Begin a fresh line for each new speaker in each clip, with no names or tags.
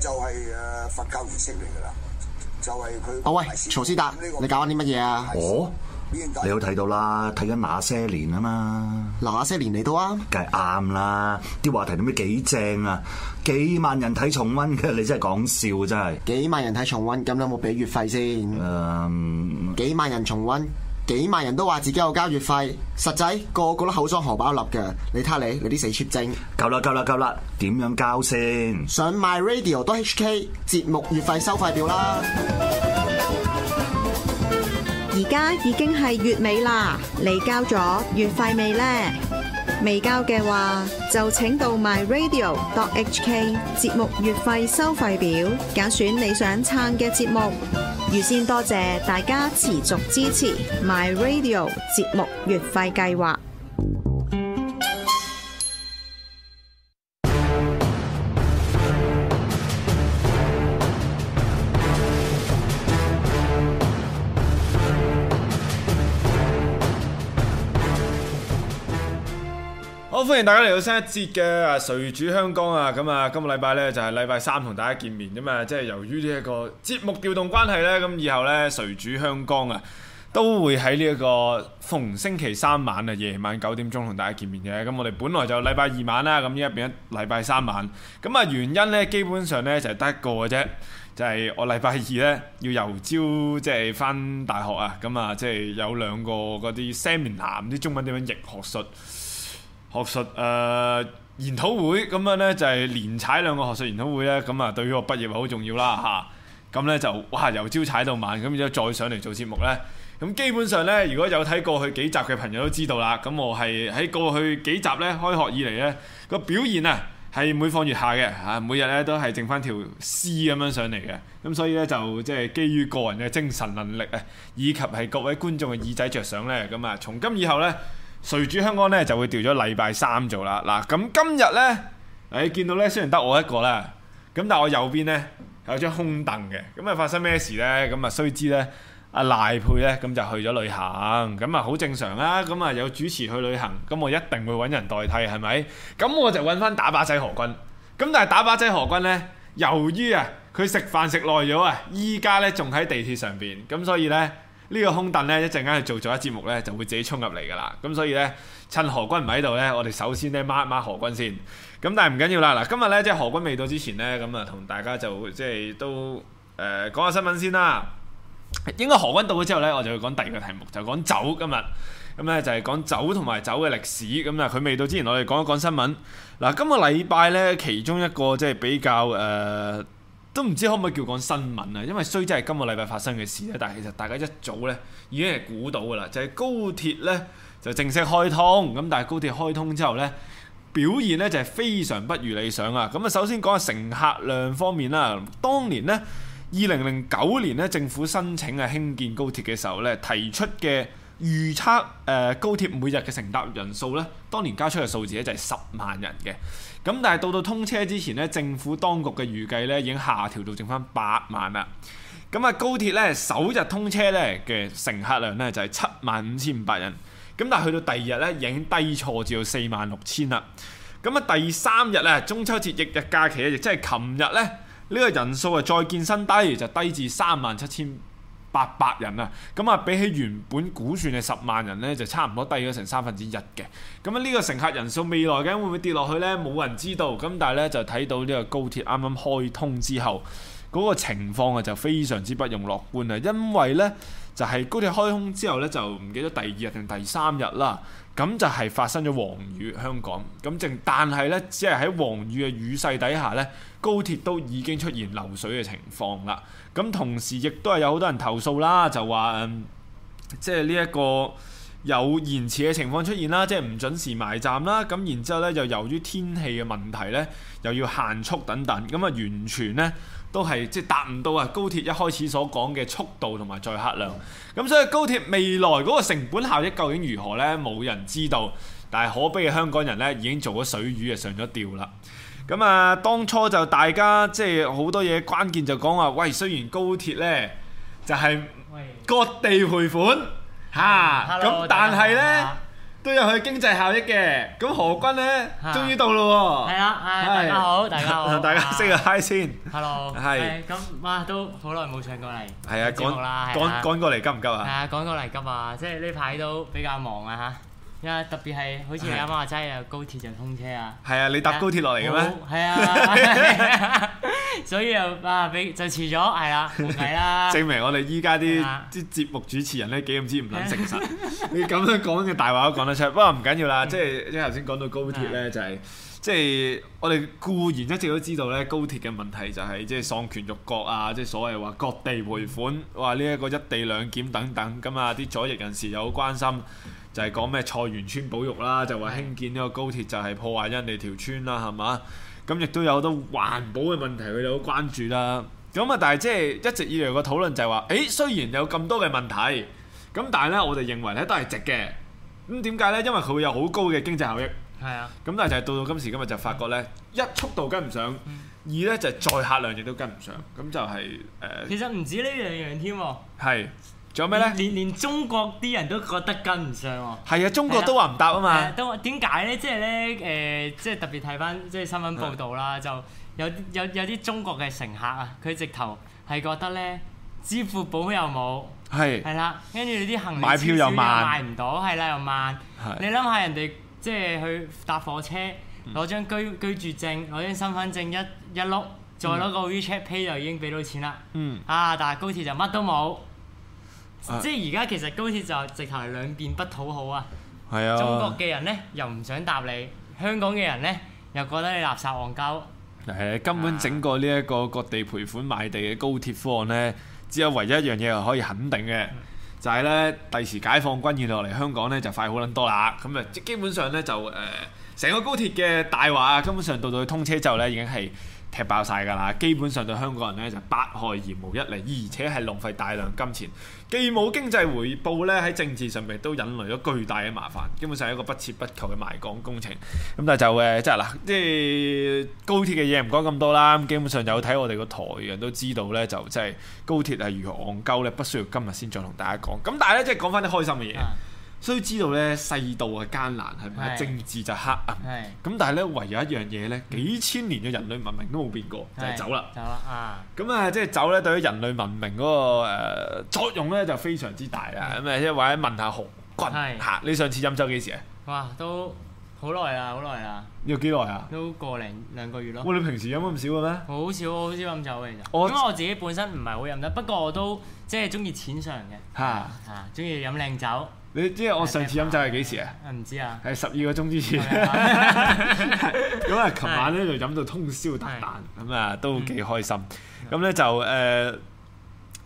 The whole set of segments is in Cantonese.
就係、是、誒佛教儀式嚟噶啦，就係、是、佢。哦喂，曹思達，這這你搞緊啲乜嘢啊？哦，你好睇到，到啦，睇緊那些年啊嘛。那些年連嚟到啊？梗係啱啦，啲話題點咩幾正啊？幾萬人睇重溫嘅，你真係講笑真係。幾萬人睇重溫，咁有冇俾月費先？誒，um, 幾萬人重溫。幾萬人都話自己有交月費，實際個，個個都口裝荷包粒嘅。你睇下你，你啲死 cheap 精！夠啦夠啦夠啦，點樣交先？上 my radio dot hk 節目月費收費表啦。
而家已經係月尾啦，你交咗月費未呢？未交嘅話，就請到 my radio dot hk 節目月費收費表，揀選你想撐嘅節目。預先多謝大家持續支持 My Radio 節目月費計劃。
歡迎大家嚟到新一節嘅啊誰主香江啊，咁啊今個禮拜咧就係禮拜三同大家見面啫嘛，即係由於呢一個節目調動關係咧，咁以後咧誰主香江啊都會喺呢一個逢星期三晚啊夜晚九點鐘同大家見面嘅。咁我哋本來就禮拜二晚啦，咁依家變咗禮拜三晚，咁啊原因咧基本上咧就係得一個嘅啫，就係、是、我禮拜二咧要由朝即係翻大學啊，咁啊即係有兩個嗰啲 seminar 啲中文點樣譯學術。學術誒、呃、研討會咁樣呢，就係、是、連踩兩個學術研討會呢。咁啊對於我畢業好重要啦吓，咁呢就哇由朝踩到晚，咁然之後再上嚟做節目呢。咁基本上呢，如果有睇過去幾集嘅朋友都知道啦，咁我係喺過去幾集呢開學以嚟呢個表現啊係每況愈下嘅，吓、啊、每日呢都係剩翻條絲咁樣上嚟嘅，咁所以呢，就即係基於個人嘅精神能力啊以及係各位觀眾嘅耳仔着想呢。咁啊從今以後呢。誰主香港咧就會調咗禮拜三做啦，嗱咁今日咧，你見到咧雖然得我一個咧，咁但係我右邊咧有張空凳嘅，咁啊發生咩事咧？咁啊須知咧，阿賴佩咧咁就去咗旅行，咁啊好正常啦、啊，咁啊有主持去旅行，咁我一定會揾人代替係咪？咁我就揾翻打把仔何君，咁但係打把仔何君咧，由於啊佢食飯食耐咗啊，依家咧仲喺地鐵上邊，咁所以咧。呢個空凳呢，一陣間去做咗一節目呢，就會自己衝入嚟噶啦。咁所以呢，趁何君唔喺度呢，我哋首先呢，抹一抹何君先。咁但係唔緊要啦。嗱，今日呢，即係何君未到之前呢，咁啊同大家就即係都誒講下新聞先啦。應該何君到咗之後呢，我就會講第二個題目，就講酒今日。咁、嗯、呢，就係、是、講酒同埋酒嘅歷史。咁啊佢未到之前我講講，我哋講一講新聞。嗱，今個禮拜呢，其中一個即係比較誒。呃都唔知可唔可以叫講新聞啊？因為雖則係今個禮拜發生嘅事咧，但係其實大家一早咧已經係估到㗎啦。就係高鐵咧就正式開通，咁但係高鐵開通之後咧，表現咧就係非常不如理想啊。咁啊，首先講下乘客量方面啦。當年咧，二零零九年咧，政府申請啊興建高鐵嘅時候咧，提出嘅預測誒高鐵每日嘅乘搭人數咧，當年交出嘅數字咧就係十萬人嘅。咁但係到到通車之前咧，政府當局嘅預計咧已經下調到剩翻八萬啦。咁啊，高鐵咧首日通車咧嘅乘客量咧就係七萬五千五百人。咁但係去到第二日咧，已經低挫至到四萬六千啦。咁啊，第三日咧，中秋節翌日假期咧，亦即係琴日咧呢個人數啊再見新低，就低至三萬七千。八百人啊，咁、嗯、啊比起原本估算嘅十萬人呢，就差唔多低咗成三分之一嘅。咁啊呢個乘客人數未來嘅會唔會跌落去呢？冇人知道。咁、嗯、但係呢，就睇到呢個高鐵啱啱開通之後嗰、那個情況啊，就非常之不容樂觀啊。因為呢，就係、是、高鐵開通之後呢，就唔記得第二日定第三日啦。咁、嗯、就係、是、發生咗黃雨香港。咁淨但係呢，只係喺黃雨嘅雨勢底下呢，高鐵都已經出現漏水嘅情況啦。咁同時亦都係有好多人投訴啦，就話、嗯、即係呢一個有延遲嘅情況出現啦，即係唔準時埋站啦。咁然之後呢，就由於天氣嘅問題呢，又要限速等等。咁啊，完全呢都係即係達唔到啊高鐵一開始所講嘅速度同埋載客量。咁、嗯、所以高鐵未來嗰個成本效益究竟如何呢？冇人知道。但係可悲嘅香港人呢，已經做咗水魚，又上咗釣啦。咁啊，當初就大家即係好多嘢，關鍵就講話，喂，雖然高鐵呢就係割地賠款嚇，咁但係呢都有佢經濟效益嘅。咁何君呢終於到啦喎，
係啦，係大家好，大家好，大家識個
Hi 先，Hello，係
咁啊，都好耐冇上過嚟，係啊，趕趕趕過嚟急唔急啊？係啊，趕過嚟急啊，即係呢排都比較忙啊嚇。啊！特別係好似你啱啱話齋啊，高鐵就通車啊！
係啊，你搭高鐵落嚟嘅咩？
係啊，所以又啊，俾就遲咗，係啊，係啊！證
明我哋依家啲啲節目主持人咧幾咁知唔撚誠實，你咁樣講嘅大話都講得出。不過唔緊要啦，即係即係頭先講到高鐵咧，就係即係我哋固然一直都知道咧，高鐵嘅問題就係即係喪權辱國啊，即係所謂話各地回款，話呢一個一地兩檢等等咁啊，啲左翼人士又好關心。就係講咩菜園村保育啦，就話興建呢個高鐵就係破壞人哋條村啦，係嘛？咁、嗯、亦都有好多環保嘅問題，佢哋好關注啦。咁、嗯、啊，但係即係一直以來個討論就係話，誒、欸、雖然有咁多嘅問題，咁但係呢，我哋認為呢都係值嘅。咁點解呢？因為佢會有好高嘅經濟效益。係是啊。咁但係就係到到今時今日就發覺呢，一速度跟唔上，二呢就係、是、載客量亦都跟唔上，咁、嗯嗯、就係、是、誒。呃、其實唔止呢兩樣添。係。仲有咩咧？連連中國啲人都覺得跟唔上喎、啊。係啊，中國都話唔搭啊嘛。
都點解咧？即係咧，誒、呃，即係特別睇翻即係新聞報道啦，嗯、就有有有啲中國嘅乘客啊，佢直頭係覺得咧，支付寶又冇係係啦，跟住是、啊、你啲行李買,買票又慢，買唔到係啦，又慢。是你諗下，人哋即係去搭火車，攞、嗯、張居居住證，攞張身份證一，一一碌，再攞個 WeChat Pay 就已經俾到錢啦。嗯。啊！但係高鐵就乜都冇。嗯嗯啊、即係而家其實高鐵就直頭係兩邊不討好啊！
係啊，中國嘅
人呢又唔想搭你，香港嘅人呢又覺得你垃圾戇鳩。
根本整個呢一個各地賠款買地嘅高鐵方案呢，只有唯一一樣嘢係可以肯定嘅，嗯、就係呢：第時解放軍現落嚟香港呢，就快好撚多啦。咁啊，基本上呢，就誒成個高鐵嘅大話啊，根本上到到通車之後呢已經係。踢爆晒㗎啦！基本上對香港人呢就是、百害而無一利，而且係浪費大量金錢，既冇經濟回報呢，喺政治上面都引來咗巨大嘅麻煩。基本上係一個不折不扣嘅賣港工程。咁但係就誒、呃，即係嗱，即係高鐵嘅嘢唔講咁多啦。咁基本上有睇我哋個台人都知道呢，就即係高鐵係如何戇鳩呢，不需要今日先再同大家講。咁但係咧，即係講翻啲開心嘅嘢。嗯。所以知道咧世道嘅艱難係咪？政治就黑暗。係咁，但係咧唯有一樣嘢咧，幾千年嘅人類文明都冇變過，就係酒啦。
係啊，
咁啊，即係酒咧，對於人類文明嗰個誒作用咧，就非常之大啊！咁啊，即係或者問下洪君嚇，你上次飲酒幾時啊？
哇！都好耐啦，好耐啦。
要幾耐啊？都
個零兩個月咯。喂，你平
時飲咁少嘅咩？
好少，好少飲酒嘅。其實，因為我自己本身唔係好飲得，不過我都即係中意淺嘗嘅嚇
嚇，
中意飲靚酒。
你知我上次飲酒係幾時啊？唔知啊，係十二個鐘之前。 咁啊，琴晚咧就飲到通宵達旦，咁啊的都幾開心。咁咧、嗯、就誒。呃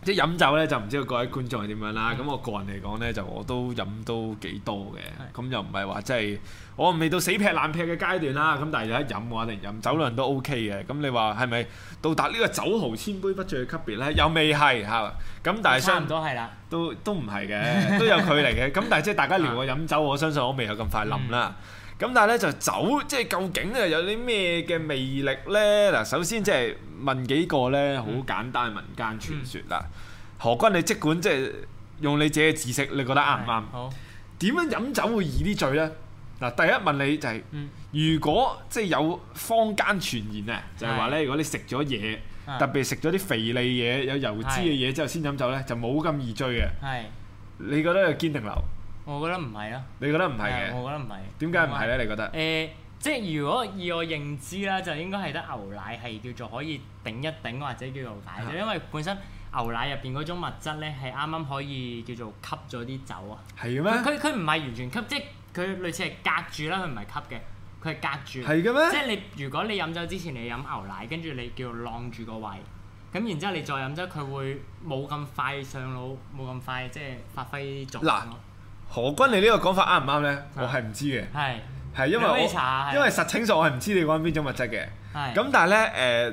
即係飲酒咧，就唔知道各位觀眾係點樣啦。咁、嗯、我個人嚟講咧，就我都飲都幾多嘅。咁、嗯、又唔係話即係我未到死劈爛劈嘅階段啦。咁但係一飲話定飲酒量都 OK 嘅。咁你話係咪到達呢個酒豪千杯不醉嘅級別咧？又未係嚇。咁、嗯啊、但係差唔多係啦。都都唔係嘅，都有距離嘅。咁 但係即係大家聊我飲酒，嗯、我相信我未有咁快冧啦。嗯。咁但係咧就酒，即係究竟啊有啲咩嘅魅力呢？嗱，首先即係問幾個呢，好、嗯、簡單民間傳說啦。嗯、何君，你即管即係用你自己嘅知識，你覺得啱唔啱？好，點樣飲酒會易啲醉呢？嗱，第一問你就係、是，如果即係、就是、有坊間傳言啊，就係話呢，如果你食咗嘢，嗯、特別食咗啲肥膩嘢、有油脂嘅嘢之後先飲酒呢，就冇咁易醉嘅。係、嗯，你覺得堅定流？
我覺得唔係啊。
你覺得唔係嘅？我覺得唔係。點解唔係咧？為你覺得？
誒、呃，即係如果以我認知啦，就應該係得牛奶係叫做可以頂一頂或者叫做解嘅，啊、因為本身牛奶入邊嗰種物質咧，係啱啱可以叫做吸咗啲酒啊。係嘅咩？佢佢唔係完全吸，即係佢類似係隔住啦，佢唔係吸嘅，佢係隔住。係嘅咩？即係你如果你飲酒之前你飲牛奶，跟住你叫做晾住個胃，咁然之後你再飲酒，佢會冇咁快上腦，冇咁快即係發揮作用。
何君，你呢個講法啱唔啱呢？我係唔知嘅，係因為因為實情上，我係唔知你講緊邊種物質嘅。咁但係呢，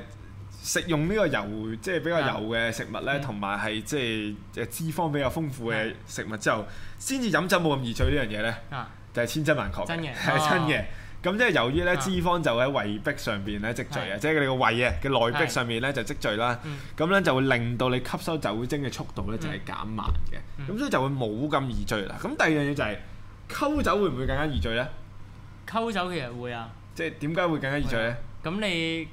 誒食用呢個油，即係比較油嘅食物呢，同埋係即係脂肪比較豐富嘅食物之後，先至飲酒冇咁易醉呢樣嘢呢，就係千真萬確嘅，係真嘅。咁即係由於咧脂肪就喺胃壁上邊咧積聚啊，是的 即係佢哋個胃啊嘅內壁上面咧就積聚啦。咁咧的、嗯、就會令到你吸收酒精嘅速度咧就係減慢嘅。咁、嗯、所以就會冇咁易醉啦。咁第二樣嘢就係、是、溝酒會唔會更加易醉咧？溝酒其實會啊。即係點解會更加易醉咧？咁、啊、你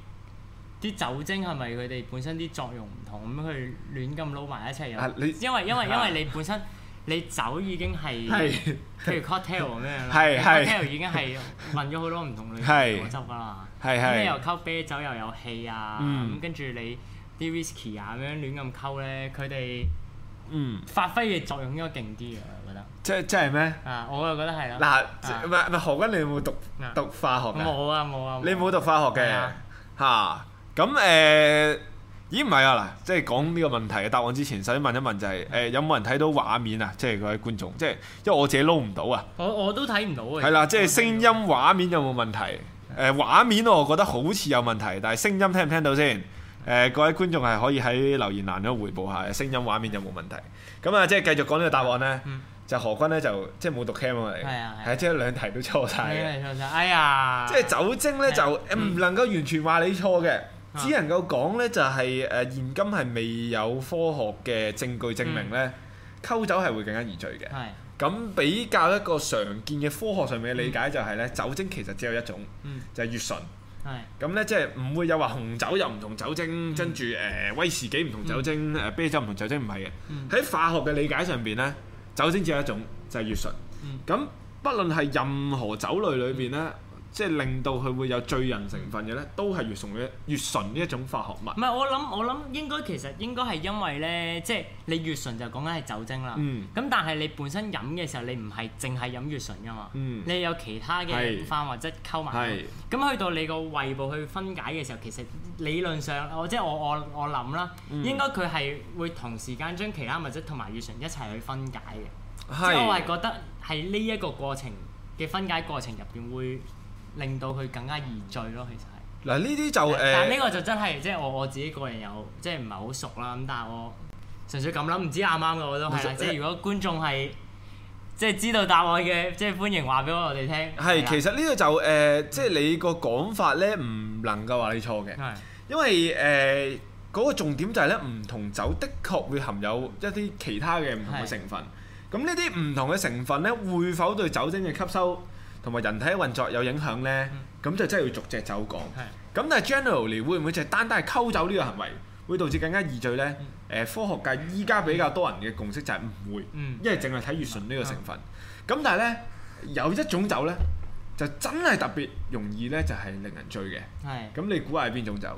啲酒精係咪佢哋本身啲作用唔同，咁去亂咁撈埋一齊入、啊？因為因為、啊、因為你本身。 你酒已經係，譬如 cocktail 咩啦，cocktail 已經係混咗好多唔同類果汁噶啦，咁又溝啤酒又有氣啊，咁跟住你啲 whisky 啊咁樣亂咁溝咧，佢哋嗯，發揮嘅作用應該勁啲啊，我
覺得。即即係咩？
啊，我又覺得係咯。嗱，
唔係何君，你有冇讀讀化學㗎？冇啊冇啊。你冇讀化學嘅嚇，咁誒。咦，唔係啊嗱，即係講呢個問題嘅答案之前，首先問一問就係、是、誒的、呃、有冇人睇到畫面啊？即係各位觀眾，即係因為我自己撈唔到啊。
我我都睇唔到嘅、啊。係啦，即係
聲音畫面有冇問題？誒的、呃、畫面我覺得好似有問題，但係聲音聽唔聽到先？誒、呃、各位觀眾係可以喺留言欄度回報下聲音畫面有冇問題。咁啊的，即係繼續講呢個答案呢。嗯、就何君呢，就即係冇讀 cam 嚟，係即係兩題都錯晒。嘅。錯晒哎呀！即係酒精呢，就唔能夠完全話你錯嘅。只能夠講呢，就係誒現今係未有科學嘅證據證明呢，溝酒係會更加易醉嘅。咁比較一個常見嘅科學上面嘅理解就係呢酒精其實只有一種，就係乙醇。係，咁呢即係唔會有話紅酒又唔同酒精，跟住誒威士忌唔同酒精，啤酒唔同酒精唔係嘅。喺化學嘅理解上邊呢，酒精只有一種就係乙醇。咁，不論係任何酒類裏面呢。即係令到佢會有醉人成分嘅咧，都係乙醇嘅乙醇呢一種化學物。唔
係我諗，我諗應該其實應該係因為咧，即係你乙醇就講緊係酒精啦。咁、嗯、但係你本身飲嘅時候，你唔係淨係飲乙醇㗎嘛？嗯、你有其他嘅化是 或者溝埋。咁是 去到你個胃部去分解嘅時候，其實理論上，我即係我我我諗啦，嗯、應該佢係會同時間將其他物質同埋乙醇一齊去分解嘅。即係是 我係覺得係呢一個過程嘅分解過程入邊會。令到佢更加易醉咯，其實
係。嗱呢啲就誒，但呢個
就真係即係我我自己個人有即係唔係好熟啦，咁但係我純粹咁諗，唔知啱唔啱噶，我都係啦。即係如果觀眾係即係知道答案嘅，即係歡迎話俾我哋聽。係，其實
呢個就誒，即係你個講法咧，唔能夠話你錯嘅。係。係因為誒嗰個重點就係咧，唔同酒的確會含有一啲其他嘅唔同嘅成分。係。咁呢啲唔同嘅成分咧，會否對酒精嘅吸收，同埋人體嘅運作有影響咧，咁就真係要逐隻酒講。咁但係 generally 會唔會就係單單係溝酒呢個行為會導致更加易醉咧？誒，科學界依家比較多人嘅共識就係唔會，因為淨係睇乙醇呢個成分。咁但係咧，有一種酒咧就真係特別容易咧就係令人醉嘅。咁你估下係邊種酒？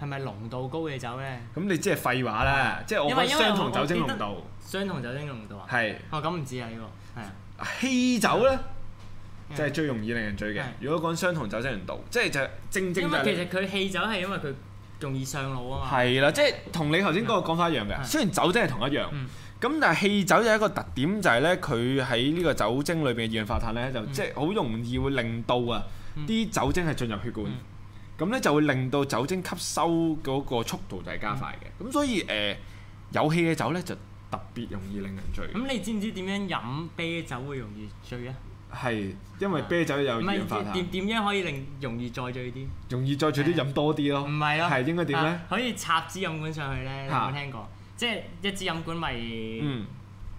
係咪濃度高嘅酒咧？
咁你即係廢話啦，即係我覺得相同酒精濃度，相同酒精濃度啊，係。哦，咁唔知啊呢個，係啊。汽酒咧？即係最容易令人醉嘅。的如果講相同酒精濃度，即係就正正就其實
佢汽酒係因為佢容易上腦啊嘛。係
啦的，即係同你頭先嗰個講法一樣嘅。的雖然酒精係同一樣，咁的、嗯、但係汽酒有一個特點就係咧，佢喺呢個酒精裏邊嘅二氧化碳咧，就即係好容易會令到啊啲酒精係進入血管，咁咧、嗯嗯、就會令到酒精吸收嗰個速度就係加快嘅。咁、嗯、所以誒、呃、有氣嘅酒咧就特別容易令人醉。咁你
知唔知點樣飲啤酒會容易醉啊？
係，因為啤酒有二氧化碳。點、啊、
樣，樣可以令容易再醉啲？
容易再醉啲飲、嗯、多啲咯。唔係咯，係應該點咧、啊？
可以插支飲管上去咧，啊、有冇聽過？即係一支飲管咪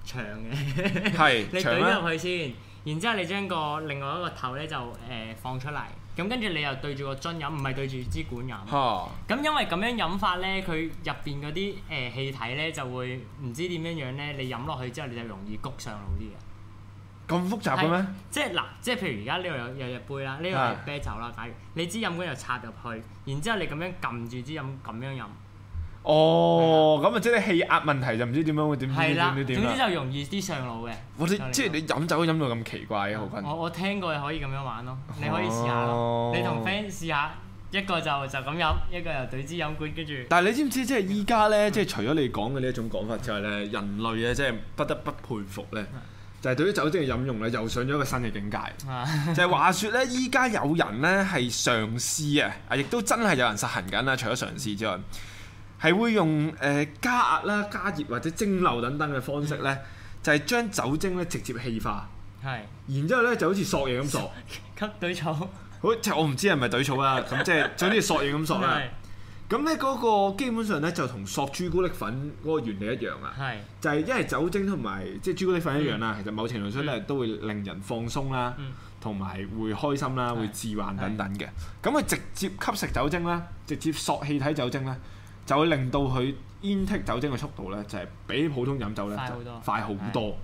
長嘅，你舉咗入去先，呢然之後你將個另外一個頭咧就誒、呃、放出嚟，咁跟住你又對住個樽飲，唔係對住支管飲。哦、啊。咁因為咁樣飲法咧，佢入邊嗰啲誒氣體咧就會唔知點樣樣咧，你飲落去之後你就容易谷上腦啲嘅。
咁複雜嘅咩？
即係嗱，即係譬如而家呢度有有隻杯啦，呢度係啤酒啦。假如你支飲管又插入去，然之後你咁樣撳住支飲，咁樣飲。
哦，咁啊，即係啲氣壓問題就唔知點樣會點點點點。總之就
容易啲上腦嘅。我哋即係
你飲酒飲到咁奇怪嘅，
我我聽過可以咁樣玩咯，你可以試下咯，
你同 friend
試下一個就就咁飲，一個又對支飲管跟住。但係
你知唔知即係依家咧？即係除咗你講嘅呢一種講法之外咧，人類咧即係不得不佩服咧。就係對於酒精嘅飲用咧，又上咗一個新嘅境界。 就係話說咧，依家有人咧係嘗試啊，啊，亦都真係有人實行緊啦。除咗嘗試之外，係會用誒加壓啦、加熱,加熱或者蒸餾等等嘅方式咧，就係將酒精咧直接氣化。係， 然之後咧就好似索嘢咁索， 吸對對草, 草。好， 即係我唔知係咪對草啦。咁即係總之索嘢咁索啦。 咁咧嗰個基本上咧就同索朱古力粉嗰個原理一樣啊，就係因為酒精同埋即係朱古力粉一樣啦。嗯、其實某程度上咧都會令人放鬆啦，同埋、嗯、會開心啦，會自幻等等嘅。咁佢是 直接吸食酒精啦，直接索氣體酒精咧，就會令到佢煙剔酒精嘅速度咧就係、是、比普通飲酒咧快好多，快好多。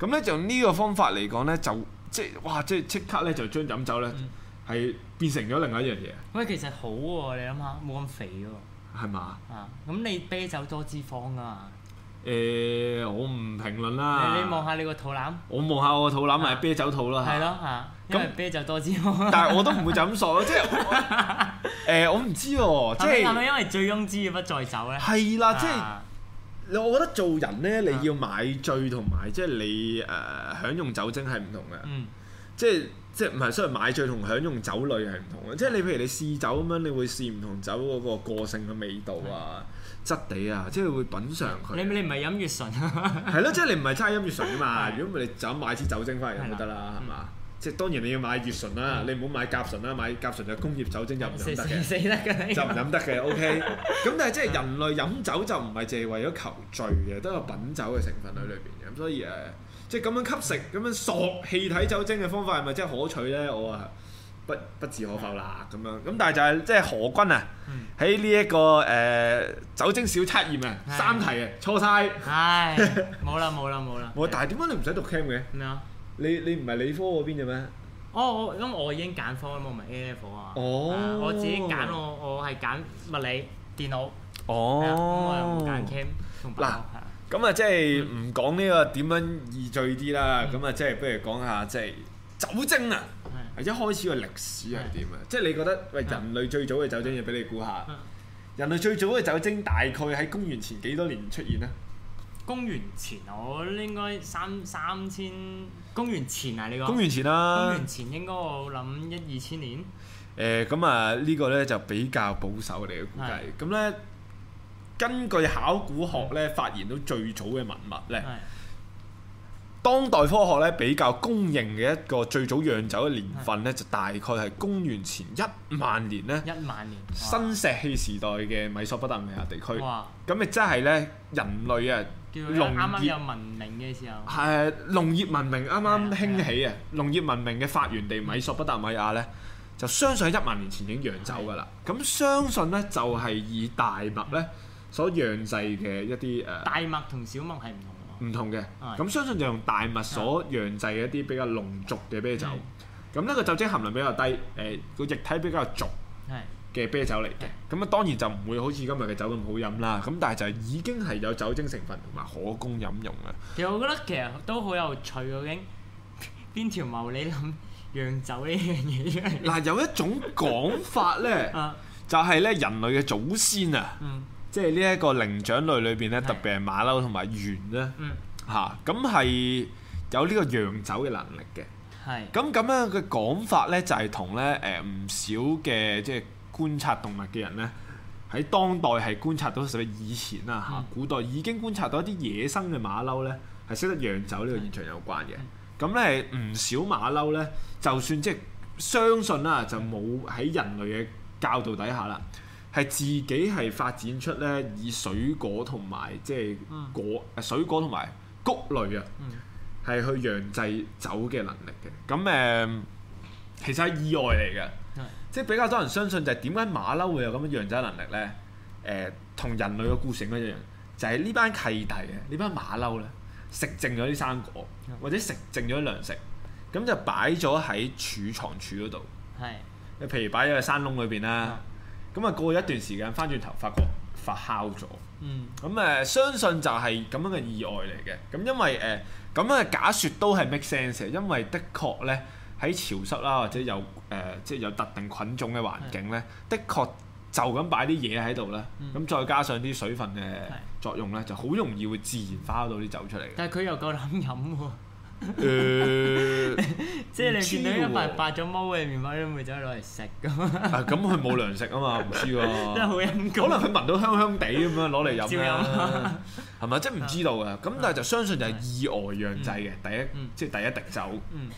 咁咧就用呢個方法嚟講咧就即係哇即係即刻咧就將飲酒咧。嗯係變成咗另外一樣嘢。喂，其實好喎，你諗下，冇咁肥喎。係嘛？啊，
咁你啤酒多脂肪㗎嘛？
誒，我唔評論啦。你望
下你個肚腩。
我望下我個肚腩咪啤酒肚啦。係
咯嚇，因為啤酒多脂肪。但係
我都唔會就咁傻咯，即係誒，我唔知喎，即係係咪
因為醉翁之意不在酒咧？係啦，即
係我覺得做人咧，你要買醉同埋即係你誒享用酒精係唔同嘅。嗯。即係即係唔係，雖然買醉同享用酒類係唔同嘅。即係你譬如你試酒咁樣，你會試唔同酒嗰個個性嘅味道啊、質地啊，即係會品嚐佢。你唔係飲乙醇啊？係咯，即係你唔係齋飲乙醇啊嘛。如果唔係，你就咁買支酒精翻嚟飲就得啦，係嘛？即係當然你要買乙醇啦，你唔好買甲醇啦。買甲醇就工業酒精就唔飲得嘅，就唔飲得嘅。OK。咁但係即係人類飲酒就唔係淨係為咗求醉嘅，都有品酒嘅成分喺裏邊嘅。咁所以誒。即係咁樣吸食咁樣索氣體酒精嘅方法係咪真係可取咧？我啊不不置可否啦咁樣。咁但係就係即係何君啊喺呢一個誒酒精小測驗啊三題啊錯曬，係冇啦冇啦冇啦。我但係點解你唔使讀 Chem 嘅？咩啊？你你唔係理科嗰邊嘅咩？
哦，咁我已經揀科啦，我唔係 A level 啊。
哦。我自己揀我
我係揀物理電腦。
哦。我係冇揀
Chem。嗱。
咁啊，即係唔講呢個點樣易醉啲啦。咁啊、嗯，即係不如講下即係酒精啊，的一開始嘅歷史係點啊？的即係你覺得喂的人類最早嘅酒精，要俾的你估下。的人類最早嘅酒精大概喺公元前幾多年出現咧？公元前，
我應該三三千
公元前啊？你講公元前啦、啊？公元前
應該我諗一二千年。
誒、嗯，咁啊呢個咧就比較保守嚟嘅估計。咁咧的。根據考古學咧發現到最早嘅文物咧，的當代科學咧比較公認嘅一個最早釀酒嘅年份咧，的就大概係公元前一萬年咧。一萬年，新石器時代嘅米索不達米亞地區。哇！咁亦即係咧人類啊，叫農業
文明嘅時
候，係農業文明啱啱興起啊！農業文明嘅發源地米索不達米亞咧，的就相信喺一萬年前已經釀酒噶啦。咁的相信咧，就係以大麥咧。所釀製嘅一啲誒，uh, 大麥同
小麥係唔同
喎。唔同嘅，咁相信就用大麥所釀製嘅一啲比較濃濁嘅啤酒，咁呢個酒精含量比較低，誒、呃、個液體比較濁嘅啤酒嚟嘅，咁啊的當然就唔會好似今日嘅酒咁好飲啦。咁但係就已經係有酒精成分同埋可供飲用啦。
其實我覺得其實都好有趣，究竟邊條毛你諗釀酒呢樣嘢？嗱
啊、有一種講法咧， 啊、就係咧人類嘅祖先啊。嗯嗯即係呢一個靈長類裏邊咧，是的 特別係馬騮同埋猿咧，嚇咁係有呢個釀酒嘅能力嘅。係咁咁樣嘅講法咧，就係同咧誒唔少嘅即係觀察動物嘅人咧，喺當代係觀察到，以前啊嚇、嗯、古代已經觀察到一啲野生嘅馬騮咧係識得釀酒呢個現象有關嘅。咁咧唔少馬騮咧，就算即係相信啦、啊，就冇喺人類嘅教導底下啦。係自己係發展出咧，以水果同埋即係果，嗯、水果同埋穀類啊，係、嗯、去釀製酒嘅能力嘅。咁誒、呃，其實係意外嚟嘅，是的 即係比較多人相信就係點解馬騮會有咁樣釀製能力咧？誒、呃，同人類嘅故事一樣，嗯、就係呢班契弟啊，呢班馬騮咧食剩咗啲生果，是的 或者食剩咗啲糧食，咁就擺咗喺儲藏處嗰度。係
是
的、啊，你譬如擺咗喺山窿裏邊啦。咁啊過一段時間翻轉頭，發覺發酵咗。嗯，嗯，咁誒相信就係咁樣嘅意外嚟嘅。咁因為誒咁樣嘅假説都係 make sense 嘅，因為的確咧喺潮濕啦，或者有誒即係有特定菌種嘅環境咧，是的，的確就咁擺啲嘢喺度咧，咁、嗯、再加上啲水分嘅作用咧，是的 就好容易會自然發到啲酒出嚟。
但係佢又夠膽飲喎。誒，呃、 即係是你見、啊、到一塊發咗毛嘅麵包都會走去攞嚟食
咁啊！咁佢冇糧食啊嘛，唔知喎、啊。 真係好陰，可能佢聞到香香地咁樣攞嚟飲。招係咪？即係唔知道㗎。咁 但係就相信就係意外釀製嘅、嗯、第一，嗯、即係第一滴酒。嗯。嗯。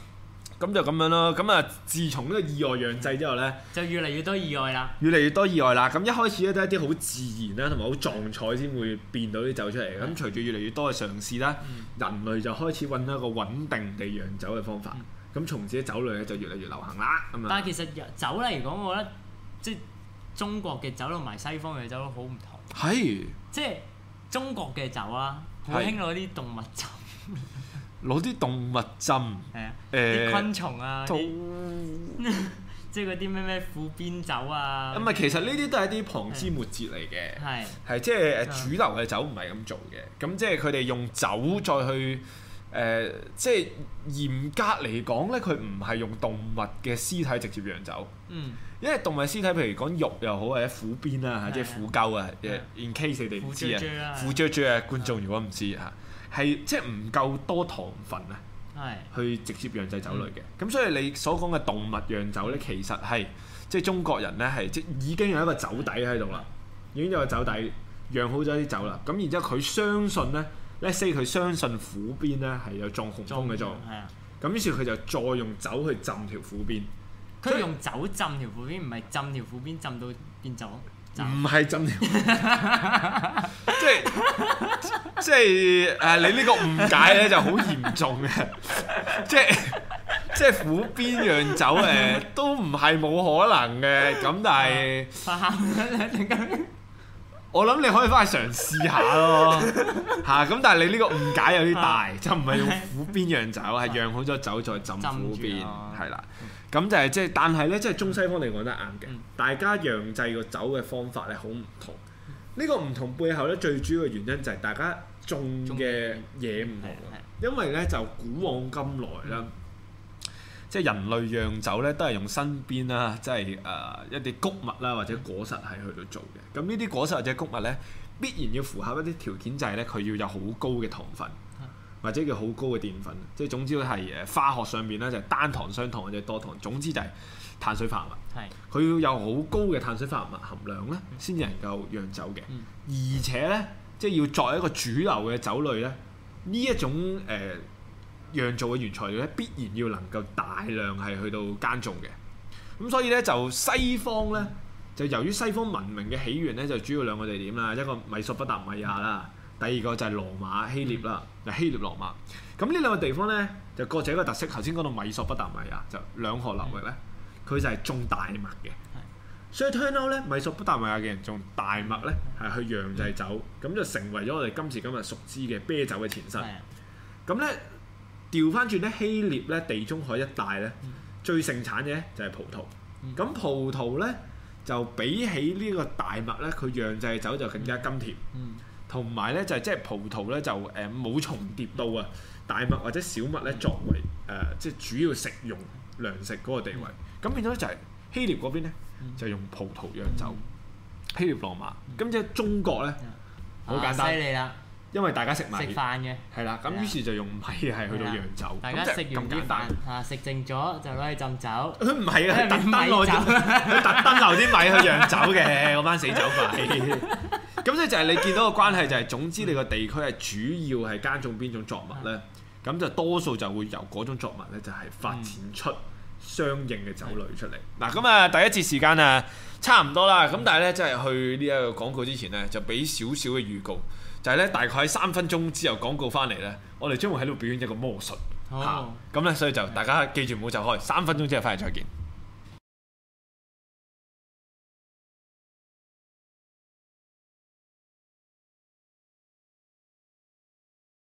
咁就咁樣咯，咁啊自從呢個意外釀製之後呢，就越嚟越多意外啦，越嚟越多意外啦。咁一開始呢，都係啲好自然啦，同埋好撞彩先會變到啲酒出嚟嘅。咁、嗯、隨住越嚟越多嘅嘗試啦，嗯、人類就開始揾到一個穩定地釀酒嘅方法。咁、嗯、從此酒類咧就越嚟越流行啦。咁樣。但係其實酒嚟講，我覺
得即中國嘅酒同埋西方嘅酒都好唔同。係是。即係中國嘅酒啦，好興攞啲動物酒。是
攞啲動物針，誒啲昆蟲啊，
即係嗰啲咩咩虎鞭酒啊？唔係，其實呢啲
都係啲旁枝末節嚟嘅，係，係，即係誒主流嘅酒唔係咁做嘅。咁即係佢哋用酒再去誒，即係嚴格嚟講咧，佢唔係用動物嘅屍體直接釀酒。嗯，因為動物屍體，譬如講肉又好，或者虎鞭啊，即係虎鳩啊，in case 你哋唔知啊，苦澀啊，觀眾如果唔知嚇。係即係唔夠多糖分啊，係去直接釀製酒類嘅。咁所以你所講嘅動物釀酒咧，其實係即係中國人咧，係即已經有一個酒底喺度啦，已經有個酒底釀好咗啲酒啦。咁然之後佢相信咧，let's say 佢相信苦邊咧係有藏紅峯嘅藏。係啊。咁於是佢就再用酒去浸條苦邊。佢用酒浸條苦邊，唔係浸條苦邊浸到變酒。唔係浸，即係即係誒！你呢個誤解咧就好嚴重嘅，即係即係苦邊釀酒誒，都唔係冇可能嘅。咁但係，我諗你可以返去嘗試下咯，嚇！咁但係你呢個誤解有啲大，就唔係用苦邊釀酒，係釀好咗酒再浸苦邊，係啦。咁就係即係，但係咧，即係中西方嚟講得硬嘅。嗯、大家釀製個酒嘅方法咧，好唔同。呢、嗯、個唔同背後咧，最主要嘅原因就係大家種嘅嘢唔同。美因為咧，就古往今來啦，嗯、即係人類釀酒咧，都係用身邊啦，即係誒一啲穀物啦，或者果實係去到做嘅。咁呢啲果實或者穀物咧，必然要符合一啲條件，就係咧，佢要有好高嘅糖分。或者叫好高嘅澱粉，即係總之係誒化學上面咧就係、是、單糖、雙糖或者多糖，總之就係碳水化合物。係佢要有好高嘅碳水化合物含量咧，先至能夠釀酒嘅。嗯、而且咧，即係要作為一個主流嘅酒類咧，呢一種誒、呃、釀造嘅原材料咧，必然要能夠大量係去到耕種嘅。咁所以咧，就西方咧就由於西方文明嘅起源咧，就主要兩個地點啦，一個米索不達米亞啦，嗯、第二個就係羅馬希臘啦。希臘、羅馬，咁呢兩個地方呢，就各自一個特色。頭先講到米索不達米亞，就兩河流域呢，佢、嗯、就係種大麥嘅，嗯、所以 turn over 呢，米索不達米亞嘅人種大麥呢，係、嗯、去釀製酒，咁、嗯、就成為咗我哋今時今日熟知嘅啤酒嘅前身。咁、嗯、呢，調翻轉呢，希臘呢地中海一帶呢，嗯、最盛產嘅就係葡萄。咁、嗯、葡萄呢，就比起呢個大麥呢，佢釀製酒就更加甘甜。嗯嗯嗯同埋咧就係即係葡萄咧，就誒冇重疊到啊大麥或者小麥咧，作為誒即係主要食用糧食嗰個地位，咁變咗就係希臘嗰邊咧就用葡萄釀酒，希臘羅馬，咁即係中國咧好簡單，犀利啦，因為大家食米食飯嘅係啦，咁於是就用米係去到釀酒，咁就咁簡單，大
家食完飯啊食剩咗就攞去浸酒，佢唔係啊，佢特登攞，佢
特登留啲米去釀酒嘅嗰班死酒鬼。咁即就係你見到個關係就係總之你個地區係主要係耕種邊種作物咧，咁、嗯、就多數就會由嗰種作物咧就係發展出相應嘅酒類出嚟。嗱咁啊，第一節時間啊差唔多啦。咁但係咧即係去呢一個廣告之前咧，就俾少少嘅預告，就係、是、咧大概喺三分鐘之後廣告翻嚟咧，我哋將會喺度表演一個魔術
嚇。
咁咧、哦啊、所以就、嗯、大家記住唔好走開三分鐘之後翻嚟再見。